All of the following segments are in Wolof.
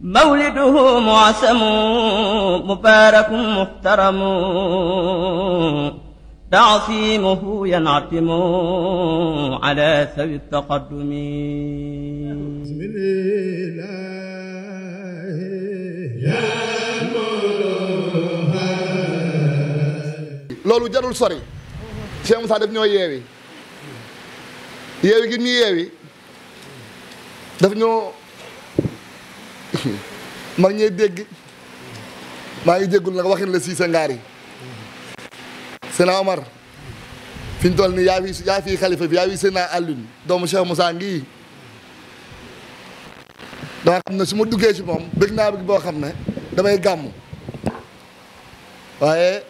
mawliduhu muasamu mubaarakun muhtaramu taasimuhu yanatimu ala sawi taqaddumi loolu jarul sori Cheikh Moussa daf ñoo yeewi yeewi gi ñu yeewi daf ñoo mag ñee dégg maa ngi jéggul nag waxin la Cissé Ngaari Sénat Omar fi ñu toll nii yaa fi yaa fi xalifa bi yaa fi Sénat Alioune doomu Cheikh saa ngi dama xam ne duggee ci moom bëgg naa bëgg boo xam ne damay gàmm waaye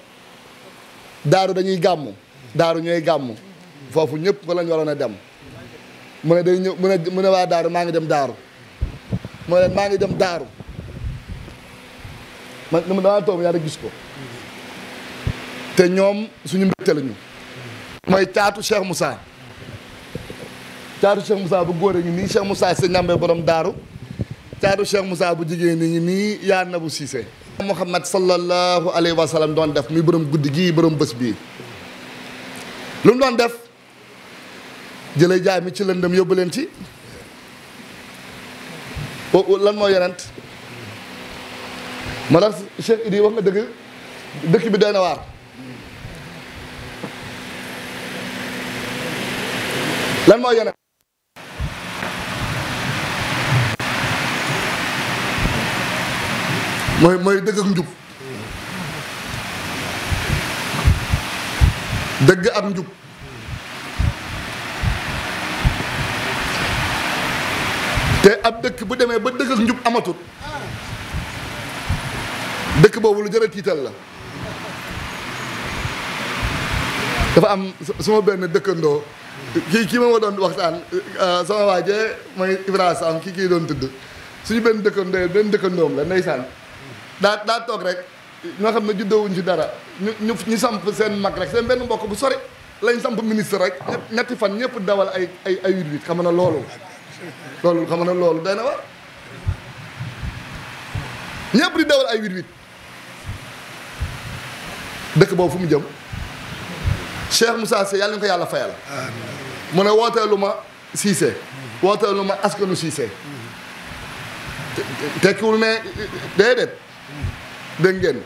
daaru dañuy gàmm daaru ñooy gàmm foofu ñëpp fa lañ waroon a dem mu ne day ñëw mu ne mu ne waa daaru maa ngi dem daaru moo maa ngi dem daaru man nu mu damaa toog yàlla gis ko te ñoom suñu mbégte lañu mooy caatu Cheikh Moussa caatu Cheikh Moussa bu góor a ngi nii Cheikh Moussa si ñambe borom daaru caatu Cheikh Moussa bu jigéen ñi nii yaa na bu siisee Muhammad sallallahu alayhi wa sallam doon def muy boroom guddi gii boroom bës bii lu mu doon def jële jaay mi ci lëndëm yóbbu leen ci lan mooy yonent ma tax Cheikh Idi wax nga dëgg dëkk bi doy na waar lan mooy yonent mooy mooy dëgg ak njub dëgg ak njub té ab dëkk bu démé ba dëgg ak njub amatu dëkk bobu lu jëra tital la dafa am sama benn dëkkandoo ki ki ma doon waxtaan euh, euh, sama waajee moy ibrahim Sam ki kii doon tudd suñu benn dëkkandoo benn dëkkandoom la ndeysaan da da tok rek ñoo xam ne wuñ ci dara ñu ñu samp seen mag rek seen benn mbokk bu sori lañ samp ministre rek ñetti fan ñepp dawal ay ay ay huit huit loolu loolu xam na loolu day na war ñëpp di dawal ay huit huit dëkk boobu fu mu jëm Cheikh Moussa Cissé yàlla ko yàlla fayal mu ne lu ma Cissé lu ma askanu Cissé tekkiwul ne déedéet dégg ngeen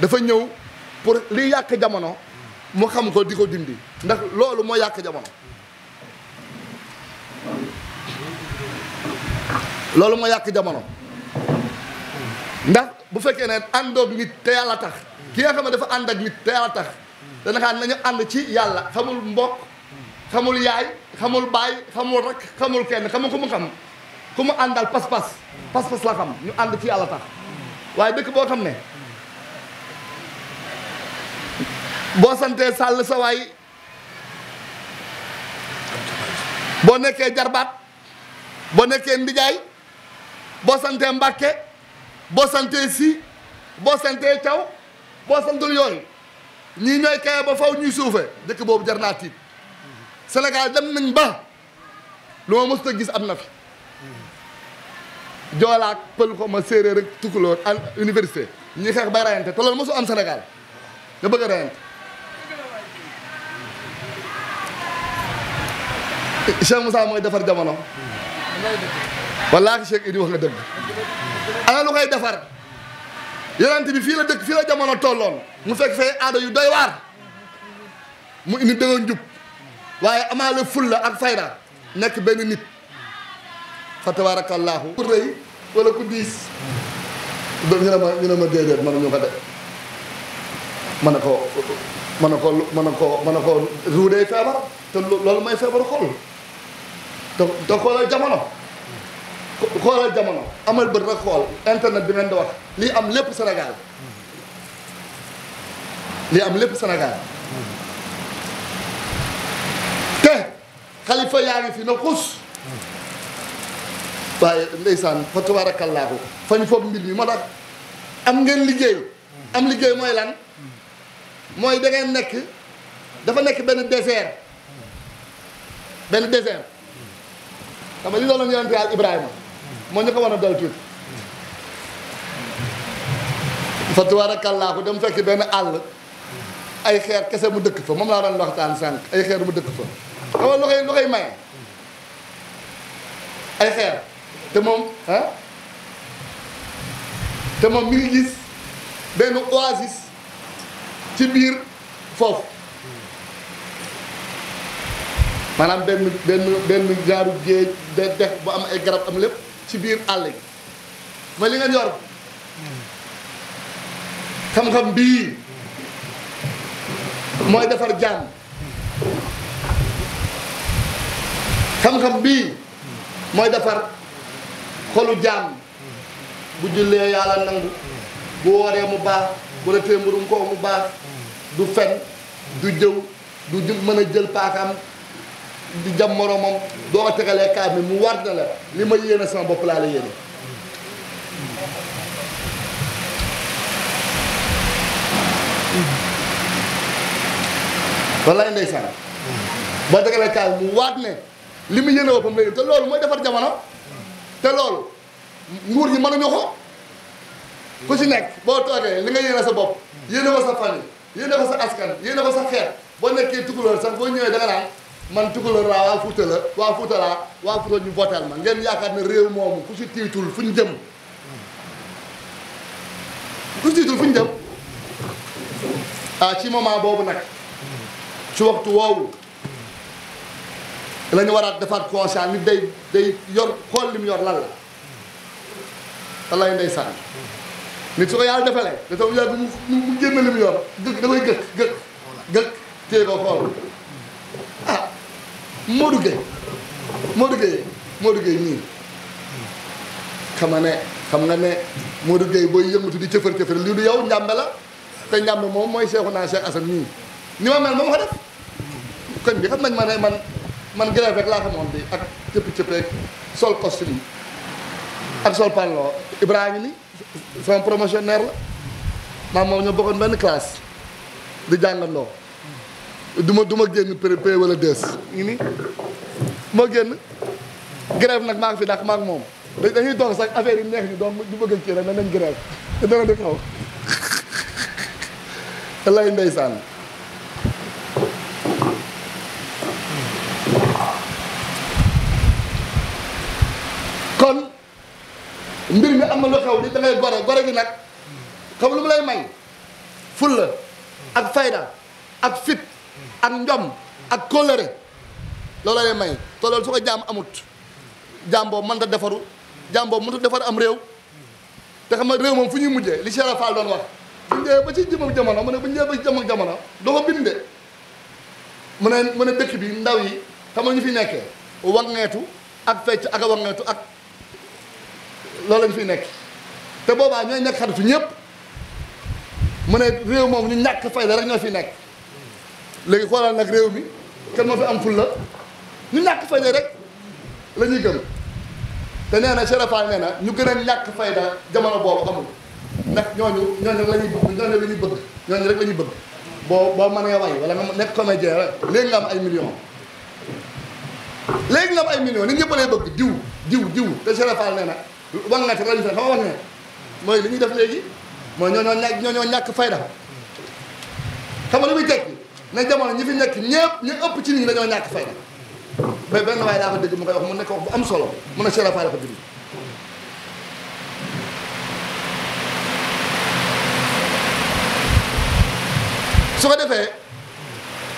dafa ñëw pour li yàq jamono mu xam ko di ko dindi ndax loolu moo yàq jamono loolu moo yàq jamono ndax bu fekkee ne àndoog nit te yàlla tax ki nga xam ne dafa ànd ak nit te yàlla tax dana xam nañu ànd ci yàlla xamul mbokk xamul yaay xamul baay xamul rakk xamul kenn xamul ku mu xam ku mu àndal pas-pas pas-pas la xam ñu ànd ci yàlla tax waaye dëkk boo xam ne boo santee sàll sa boo nekkee jarbaat boo nekkee ndijaay boo santee Mbàkke boo santee si boo santee caw boo santul yooyu ñii ñooy kaye ba faw ñuy suufee dëkk boobu jar naa tiit Sénégal dem nañ ba lu ma mosut gis am na fi joolaak pël ko ma séeréer rek tukkuloo an université ñuy xeex bay rayante te loolu mosu am Sénégal nga bëgg a rayante Cheikh Moussa mooy defar jamono wallaahi Cheikh Idi wax nga dëgg ana lu koy defar yonent bi fii la dëkk fii la jamono tolloon mu fekk aada yu doy waar mu indi dëgg njub waaye amaale fulla ak fayda nekk benn nit fa tabaarakallaahu ku rëy wala ku diis ñu ne ma ñu ne ma déedéet mën ñu ko def mën na ko mën na ko mën na ko mën na ko ruudee feebar te loolu mooy feebaru xol te te xoolal jamono xoolal jamono amal bët rek xool internet bi ngeen di wax lii am lépp Sénégal lii am lépp Sénégal te xalifa yaa ngi fi na xus waaye ndeysaan fa tabaarakallaahu fa ñu foofu mbir mi moo tax am ngeen liggéey am liggéey mooy lan mooy da nekk dafa nekk benn désert benn désert xam li doon yonent Yàlla Ibrahima moo ñu ko war a dal tuuti fa tubaarakallaahu dem fekk benn àll ay xeer kese mu dëkk fa moom laa doon waxtaan sànq ay xeer mu dëkk fa xam nga lu koy lu koy maye ay xeer te moom ah te moom mi ngi gis benn oasis ci biir foofu maanaam benn benn benn jaaru géej de dex bu am ay garab am lépp ci biir àll gi ba li nga yor xam-xam bii mooy defar jàmm xam-xam bii mooy defar xolu jàmm bu jullee yàlla nangu bu wooree mu baax bu la téye koo mu baax du fen du jëw du mën a jël paakaam di jam moroomam doo tegalee kaar mu war na la li ma yéene sama bopp laa la yéene wallaay ndeysaan boo tegalee kaar mu waat ne li mu yéene boppam la yéene te loolu mooy defar jamono te loolu nguur a mënuñu ko ku ci nekk boo toogee li nga yéene sa bopp yéene ko sa famille yéene ko sa askan yéene ko sa xeet boo nekkee tukulóor sax boo ñëwee da nga man tukulóor laa waa Fuuta la waa Fuuta laa waa Fuuta ñu votel ma ngeen yaakaar ne réew moomu ku si tiitul fu ñu jëm ku si tiitul fu ñu ah ci moment boobu nag ci waxtu woowu la waraat defaat conscient nit day day yor xool li mu yor lan la wallaahi ndeysaan nit su ko yàlla defalee da tax yàgg mu mu génn li yor gëkk dafay gëkk gëkk téye ko xool moo Gueye moo duggee moo Gueye nii xam nga ne xam nga ne moo Gueye booy yëngatu di cëfër cëfër lii du yow njàmbe la te njàmbe moom mooy Seexu naa Seex Asan nii ni ma mel moom ko koñ bi xam nañ ma ne man man grève rek laa xamoon bi ak cëpp cëpp rek sol costume ak sol pantalon Ibrahima ni sama promotionnaire la maa moom ñoo bokkoon benn classe di jàngandoo du ma du génn pré wala dees ngi nii moo génn grève nag maa ngi fi dàq maa ngi moom dañuy toog sax affaire yi neex ñu donc ñu bëgg kii rek na nañ grève te dana xaw kon mbir mi am na lu xew gi nag xam lu mu lay may fulla ak fayda ak fit ak njom ak kóllëre loola lay may te loolu su ko jaam amut jaam boobu mënta defaru jaam boobu mënta defar am réew te xam nga réew moom fu ñuy mujjee li Cheikh Fall doon wax bu ñu ba ci jëm jamono mu ne bu ñu ba ci jëm ak jamono doo ko binde mu ne mu dëkk bi ndaw yi xam nga ñu fi nekkee wangeetu ak fecc ak a wangeetu ak loolu lañu fi nekk te boobaa ñooy nekk xaritu ñëpp mu ne réew moom ñu ñàkk fayda rek ñoo fi nekk léegi xoolal nag réew mi kenn moo fi am ful la ñu ñàkk fayda rek lañuy ñuy gëm te nee na Serapha nee ñu gën a ñàkk fayda jamono boobu amul ndax ñooñu ñooñu la ñuy bëgg ñooñu bëgg ñooñu rek la ñuy bëgg boo boo mënee way wala nga nekk comédien rek léegi nga am ay millions léegi nga am ay millions nit ñëpp lay bëgg diw diw diw te Serapha nee na wan nga ci rajo xam nga wax ne mooy li ñuy def léegi mooy ñoo ñoo ñàkk ñoo ñoo ñàkk fayda xam nga lu muy tekki ne jamono ñi fi nekk ñëpp ñu ëpp ci nit ñi dañoo ñàkk fayda mais benn waaye daa ko dégg mu koy wax mu nekk wax bu am solo mun a Cheikh Fall ko bind su ko defee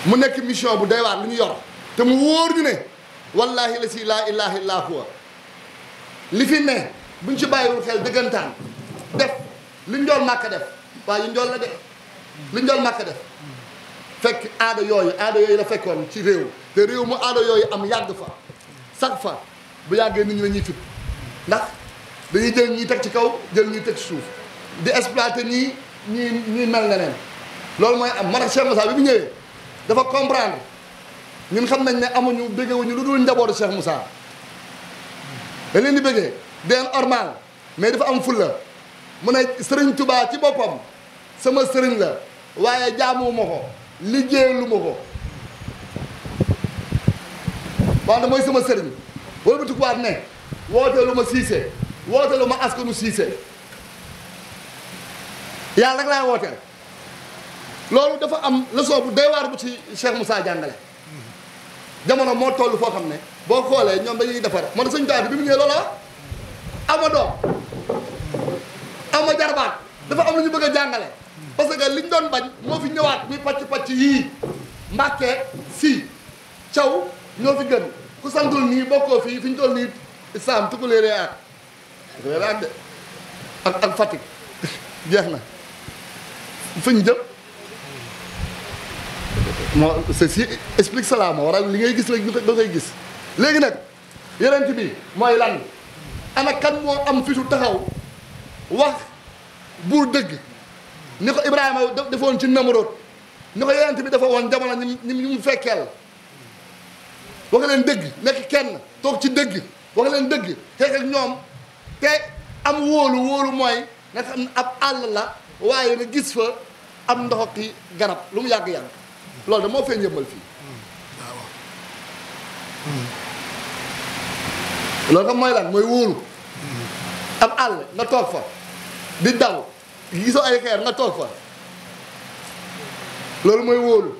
mu nekk mission bu doy waar lu ñu yor te mu wóor ñu ne wallahi la si laa ilaha illa huwa li fi ne buñ ci bàyyiwul xel dëggantaan def li ñu doon màkk def waaye li ñu doon la def li ñu doon màkk def fekk aada yooyu aada yooyu la fekkoon ci réew te réew mu aada yooyu am yàgg fa sax fa bu yàggee nit ñi la ñuy fit ndax dañuy jël ñuy teg ci kaw jël ñuy teg ci suuf di exploité nii ñuy ñuy mel neneen loolu mooy am man ak Cheikh Moussa bi mu ñëwee dafa comprendre ñun xam nañ ne amuñu bëggewuñu lu dul njabootu Cheikh Moussa da leen di bëggee deen ormal mais dafa am fulla mu ne sëriñ Touba ci boppam sama sëriñ la waaye jaamuwuma ko lu ma ko wante mooy sama sëriñ wala bu tukkuwaat ne wooteelu ma siise wooteelu ma askanu siise yàlla rek laay wooteel loolu dafa am leçon bu doy waar bu ci Cheikh Moussa jàngale jamono moo toll foo xam ne boo xoolee ñoom dañuy defar man suñu taal bi mu ñëwee loola ama doom ama jarbaat dafa am lu ñu bëgg a jàngale parce que liñ doon bañ moo fi ñëwaat mi pàcc pàcc yii Mbàkke si caw ñoo fi gën ku santul nii bokkoo fii fi ñu nii saam tukuleere ak tukuleere ak de ak ak jeex na fuñ jëm moo ceci explique cela moo waral li ngay gis léegi da gis léegi nag yonent bi mooy lan ana kan moo am fitu taxaw wax buur dëgg ni ko Ibrahima defoon ci Namrood ni ko yonent bi dafa woon jamono ñi ñu mu fekkeel wax leen dëgg nekk kenn toog ci dëgg wax leen dëgg xeex ñoom te am wóolu wóolu mooy nga xam ab àll la waaye nga gis fa am ndox ki garab lu mu yàgg yàgg loolu da moo feeñ yëmbal fii waaw loolu xam mooy lan mooy wóolu ab àll nga toog fa di daw gisoo ay xeer nga toog fa loolu mooy wóolu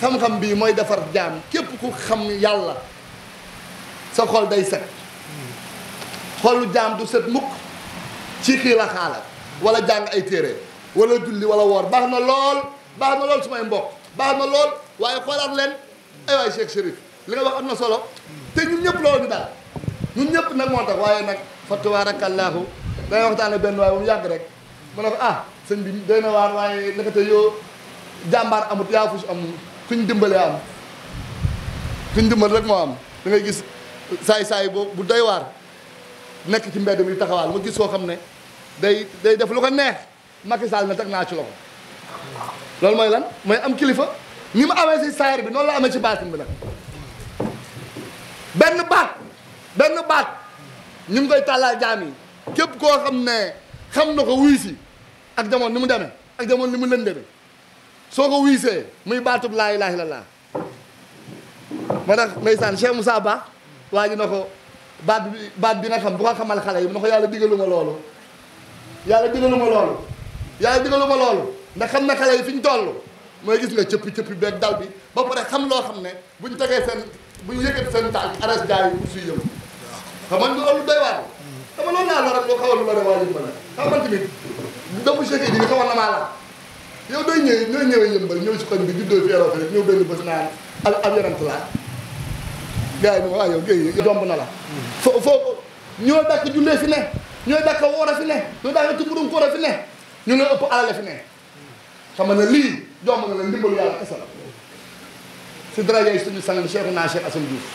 xam-xam bii mooy defar jaam képp ku xam yàlla sa xol day set xolu jaam du set mukk ci xii la xaala wala jàng ay téere wala julli wala woor baax na lool baax na lool su may mbokk baax na lool waaye xoolaat leen ay waay Cheikh Chérif li nga wax am na solo te ñun ñëpp loolu ñu daal ñun ñëpp nag moo tax waaye nag fa tabaarakallaahu dangay waxtaane benn waaye bu mu yàgg rek ma ne ko ah sëñ bi doy na waar waaye nekkate yoo jàmbaar amut yaa fus am kuñ dimbalee am kuñ dimbal rek moo am da ngay gis saay-saay boobu bu doy waar nekk ci mbedd mi taxawaal ma gis koo xam ne day day def lu ko neex Macky na teg naa ci loxo loolu mooy lan mooy am kilifa ñi mu amee si saayir bi noonu la amee ci baatin bi nag benn baat benn baat ñu ngi koy tàllal jaam yi képp koo xam ne xam na ko wuy si ak jamoon ni mu demee ak jamono ni mu lëndëme soo ko wiisee muy baatub laa ilaaha illallaah ma tax ndeysaan Cheikh Moussa Ba waa ji na ko baat bi baat bi na xam bu ko xamal xale yi mu na ko yàlla digalu ma loolu yàlla digalu ma loolu yàlla digalu ma loolu ndax xam na xale fi ñu toll mooy gis nga cëppi cëppi beeg dal bi ba pare xam loo xam ne bu ñu tegee seen bu ñu yëkkati seen tànk aras jaay yi suy yëngu loolu doy waar dama loolu laa la rek loo xawal lu la rek ma ne doomu Cheikh Idy bi xamal na maa la yow dooy ñëwee ñooy ñëwee yëmbal ñëw si koñ bi juddoo fi yaroo fi rek ñëw benn bés naan ab ab yarant laa gars yi moom waaw yow géej na la foo foo ñoo dàkk jullee fi ne ñooy dàkk a fi ne ñooy dàkk tumburum koor a fi ne ñu ne ëpp alal fi ne xam ne lii domb na la ndimbalu yàlla kese la si daraja yi suñu sang naa Cheikh Assane Diouf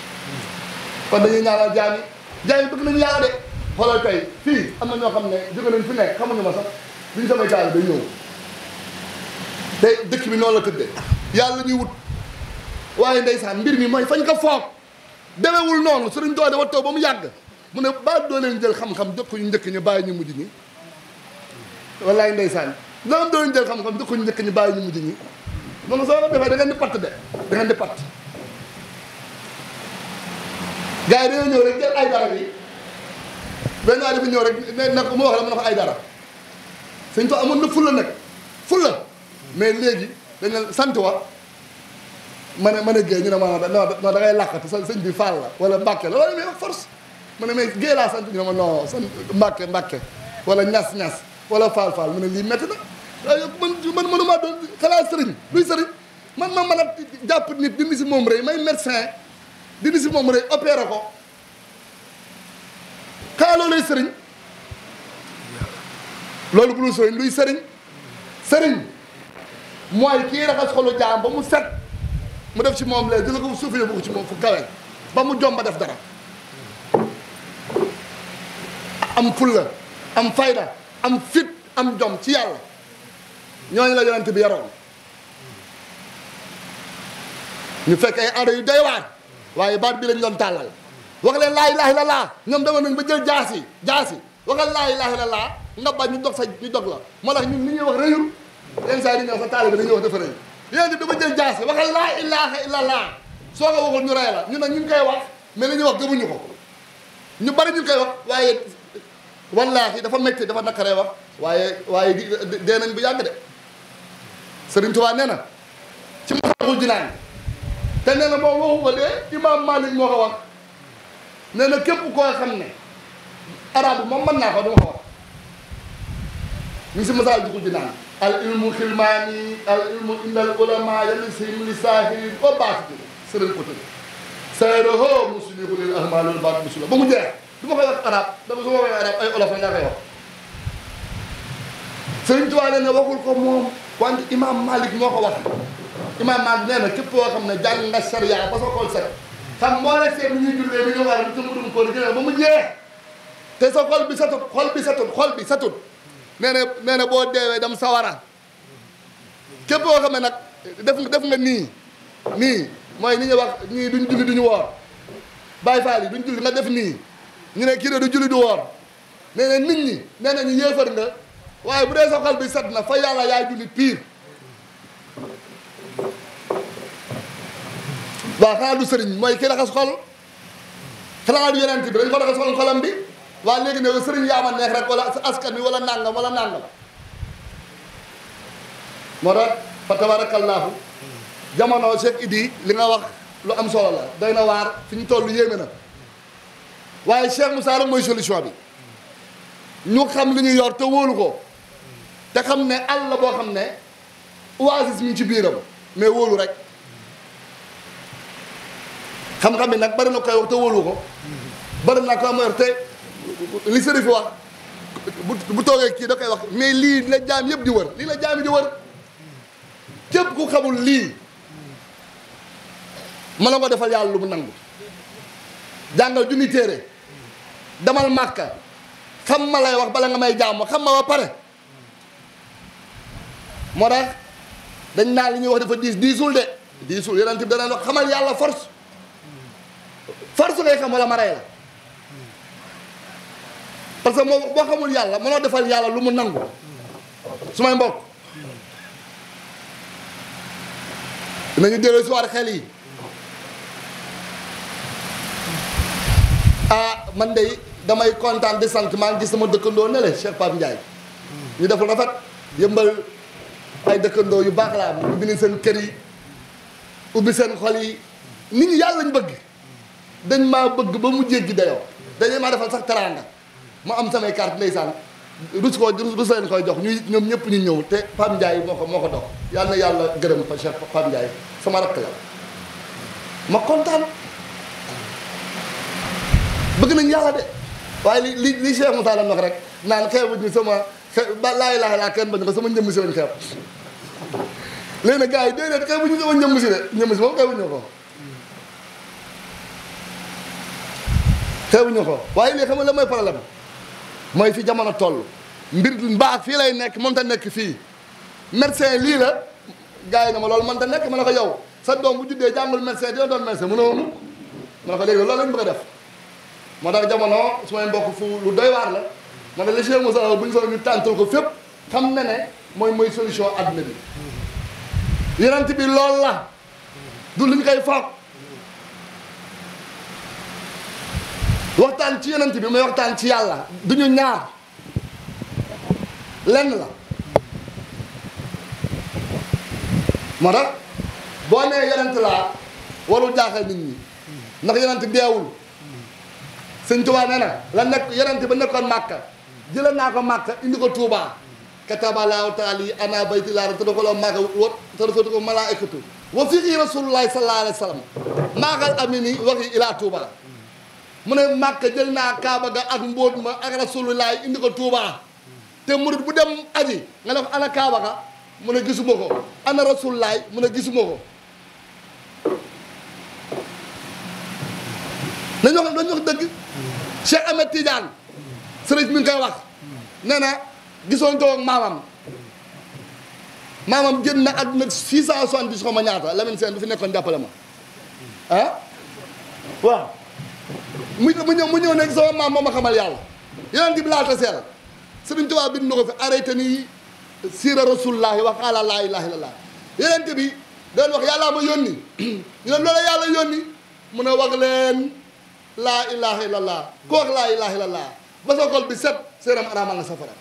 kon dañuy ñaanal a yi jaam yi bëgg nañu yàlla de xoolal na ñoo xam ne jóge nañ fi ne xamuñu ma sax duñ samay taal day ñëw te dëkk bi noonu la tëddee yàlla ñuy wut waaye ndeysaan mbir mi mooy fañ ko foog demewul noonu sëriñ doo dafa taw ba mu yàgg mu ne ba doo jël xam-xam jox ko ñu njëkk ñu bàyyi ñu mujj ñi doo leen jël xam-xam jox ko ñu ñu bàyyi ñu mujj ñi noonu soo ko defee da ngeen di patt de da ngeen di patt gars yi dañoo ñëw rek jël ay dara bi benn waaye dafa ñëw rek ne na ko mu wax la mu ne ko ay dara sëñ Tuubaa amoon na fulla nag fulla mais léegi dañ leen sant wa ma ne ma ne géey ñu ne ma non da ngay làqatu sa sëñ bi Fall la wala Mbàkke la loolu mais force ma ne géey laa sant ñu ne ma non sant Mbàkke Mbàkke wala ñas ñas wala Fall Fall mu ne lii métti na man man mënumaa doon xalaat sëriñ luy sëriñ man ma mën jàpp nit dindi si moom rëy may médecin dindi si moom rëy opéré ko xaa loolay sëriñ loolu bu dul sëriñ luy sëriñ sëriñ mooy kii raxas xolu jaam ba mu set mu def ci moom léegi dina ko suuf yóbbu ko ci moom fu kawe ba mu jomba def dara am fulla am fayda am fit am jom ci yàlla ngi la yonent bi yaroon ñu fekk ay aada yu doy waaye baat bi lañ doon tàllal wax leen laa ilaaha illallaah ñoom dama nañ ba jël jaas yi jaas yi waxal laa nga bañ ñu dog sa ñu dog la moo tax ñun li ñuy wax rëyul yenn saa yi nga sa taalibe dañuy wax dafa rëy yéen dafa jël jaasi waxal laa ilaaha illallah soo ko waxul ñu rey la ñu ne ñu ngi koy wax mais li ñuy wax gëmuñu ko ñu bari ñu koy wax waaye wallaahi dafa métti dafa nakaree wax waaye waaye dee nañ bu yàgg de Sëriñ Tuubaa nee na ci Masaalikul Jinaan te nee na moom waxu ko de Imaam Maalik moo ko wax nee na képp koo xam ne arab bi moom mën naa ko dama wax نسي مسال دكو جنان العلم خلماني العلم عند العلماء يلسيم لساهر وباس دي سرن كوتو مسلم مسلمه للاهمال والباط مسلمه مسلم مجي دوما كاي عرب دابا سو مو عرب اي اولاف نغا يو سرن توالا نا واخول كو موم كون امام مالك نوكو واخ امام مالك نانا كيب وو خامنا جان نا شريا با سو كول سر خام مولا سي مي نيو جولي مي نوار نتو مودوم كول جنا بو مجي تي سو كول بي ساتو كول بي ساتو كول بي ساتو nee na nee boo deewee dem sawara képp koo xam ne nag def def nga nii nii mooy ni ñuy wax ñii duñ julli duñu woor Baay Faal yi duñ julli nga def nii ñu ne kii de du julli du woor nee na nit ñi nee na ñu yéefar nga waaye bu dee sa xol bi set na fa yàlla yaay julli piir waaw xanaa du sëriñ mooy kii raxas xol xanaa du yonent bi dañ ko raxas xol xolam bi waa léegi ne yow sëriñ yaa ma neex rek wala askan wi wala nangam wala nangam moo tax fa tabaarakallaahu jamono Cheikh Idi li nga wax lu am solo la day na waar fi ñu toll yéeme na waaye Cheikh Moussa mooy solution bi ñu xam li ñu yor te wóolu ko te xam ne àll boo xam ne oasis mi ngi ci biiram mais wóolu rek xam-xam bi nag bari na koy wax te wóolu ko bari na ko am te. li sëriñ fi wax bu toogee kii da koy wax mais lii la jaam yëpp di wër lii la jaam yi di wër képp ku xamul lii mën na ko defal yàlla lu mu nangu jàngal junni téere demal màkka xam ma lay wax bala nga may jaam xam ma ba pare moo tax dañ naan li ñuy wax dafa diis diisul de diisul yeneen tib danaan wax xamal yàlla force force ngay xam wala ma rey la parce que moo boo xamul yàlla mënoo defal yàlla lu mu nangu su may mbokk nañu dellu si war xel yi ah man de damay kontaan di sant maa gis sama dëkkandoo ne le Cheikh Pape Ndiaye ñu def lu rafet yëmbal ay dëkkandoo yu baax la am ubbi nañ seen kër yi ubbi seen xol yi nit ñi yàlla lañ bëgg dañ maa bëgg ba mu jéggi dayoo dañu maa defal sax teraanga ma am samay carte ndeysaan rus koo rus leen koy jox ñu ñoom ñëpp ñu ñëw te Pam Ndiaye moo ko moo ko dox yàlla na yàlla gërëm fa Cheikh sama rakk la ma kontaan bëgg nañ yàlla de waaye li li li mu Moussa wax rek naan xeebuñ ñu sama xe laay laay laa kenn sama njëmm si lañ xeeb léegi nag gars yi déedéet xeebuñ ñu sama njëmm si de njëmm si moom xeebuñ ñu ko xeebuñ ñu ko waaye léegi xam nga la mooy problème mooy fi jamono toll mbir mbaax fii lay nekk mën ta nekk fii médecin lii la gars yi ne ma loolu mën ta nekk ma ne ko yow sa doom bu juddee jàngul médecin dina doon médecin mënoo ma ma ne ko léegi loolu lañ bëgg a def moo tax jamono su may mbokk fu lu la ma ne la Cheikh Moussa bu ñu soxla ñu tàntal ko fépp xam na ne mooy mooy soo adduna bi yonent bi loolu la du luñ koy foog waxtaan ci yonent bi mooy waxtaan ci yàlla du ñu ñaar lenn la moo tax boo nee yonent laa warul jaaxal nit ñi ndax yonent deewul sëñ Tuubaa nee na la nekk yonent ba nekkoon Màkka jëlee naa ko Màkka indi ko Tuubaa kataba laahu taala yi ana bayti laa tadxulu Màkka wa tadxulu malaa'ikatu wa fiihi rasulullaahi sallallaahu alayhi wa sallam ilaa Tuubaa mu ne màkk jël naa kaaba ga ak mbóot ma ak rasulullaay indi ko Touba te murit bu dem aji nga ne ana kaaba ga mu a gisuma ko ana rasulullaay mu a gisuma ko dañu wax dañu wax dëgg Cheikh Ahmed mi ngi koy wax nee na gisoon ko ak maamam maamam jën na àdduna six cent soixante-dix xaw ma ñaata Lamine Sène du fi nekkoon jàppale ma ah mu mu ñëw ñëw nekk sama maam moo ma xamal yàlla yeneen gi bi laata seeral Sëriñ Tuubaa bind na ko fi arrêté nii siira rasulullaahi wax qaala laa ilaaha illallaah yeneen bi doon wax yàllaa ma yónni ñu ne loola yàlla wax leen laa ilaaha illallaah ko wax laa ilaaha illallaah ba sa xol bi set séeram araamal na safara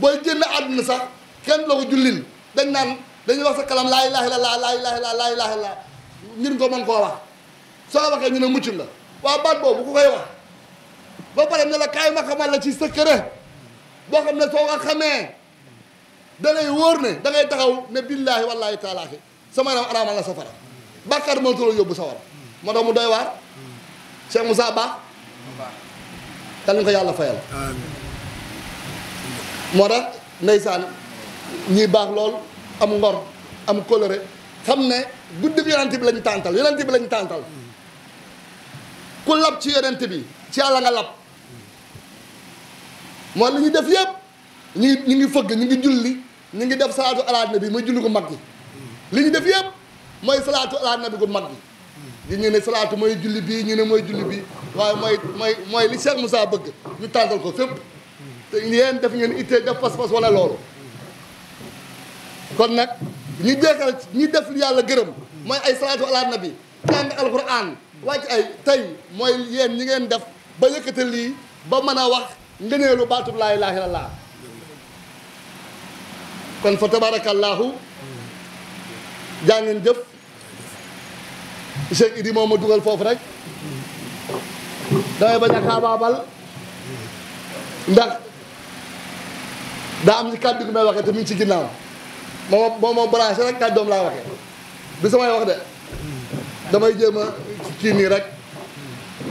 booy génn àdduna sax kenn la ko jullil dañ naan dañuy wax sa kalam laa ilaaha illallaah laa ilaaha illallaah laa ilaaha illallaah ngir ko mën koo wax soo waxee ñu ne mucc la waaw baat boobu ku koy wax ba pare ne la kaay ma xamal la ci secret boo xam ne soo ko xamee da wóor ne dangay taxaw ne billaahi wallaahi taalaahi sama yaram araamal na safara bàkkaar moo tollu yóbbu sawara moo tax mu doy waar Cheikh Moussa Ba dal ñu ko yàlla fayal moo tax ndeysaan ñuy baax lool am ngor am coloré xam ne guddi bi yonent lañu tàntal yonent bi lañu tàntal ku lab ci yonent bi ci yàlla nga lab mooy li ñu def yëpp ñu ñu ngi fëgg ñu ngi julli ñu ngi def salaatu ala nabi muy julli gu mag gi li ñu def yëpp mooy salaatu ala gu mag gi di ne salaatu mooy julli bi ñu ne mooy julli bi waaye mooy mooy mooy li Cheikh Moussa bëgg ñu tàngal ko fépp te yéen def ngeen ittee def pas-pas wala loolu kon nag ñu jeexal ñu def yàlla gërëm mooy ay salaatu ala nabi jàng alquran wàcc ay tey mooy yéen ñi ngeen def ba yëkkate lii ba mën a wax ngëneelu baatub laa ilaaha illallaah kon fa tabaarakallaahu jaa ngeen jëf Cheikh Idi moom ma dugal foofu rek damay bañ a xaabaabal ndax daa am ci kàddu gi may waxee te mi ngi ci ginnaaw moom moom branché rek kàddoom laay waxee bi samay wax de damay jéem kii nii rek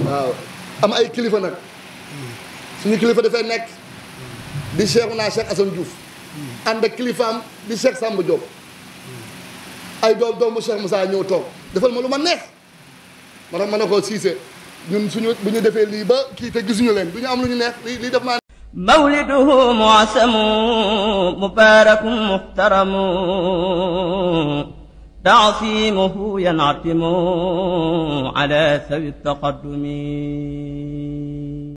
waaw am ay kilifa nag suñu kilifa dafay nekk di Cheikh naa Cheikh Assane Diouf ànd ak kilifaam di Cheikh Samba Diop ay doom doomu Cheikh Moussa ñëw toog defal ma lu ma neex ma ne ma ko Cissé ñun suñu bu ñu defee lii ba kii te gisuñu leen du ñu am lu ñu neex lii lii def naa. mawliduhu mu'asamu mubarakun muhtaramu تعصيمه ينعتم على سوء التقدم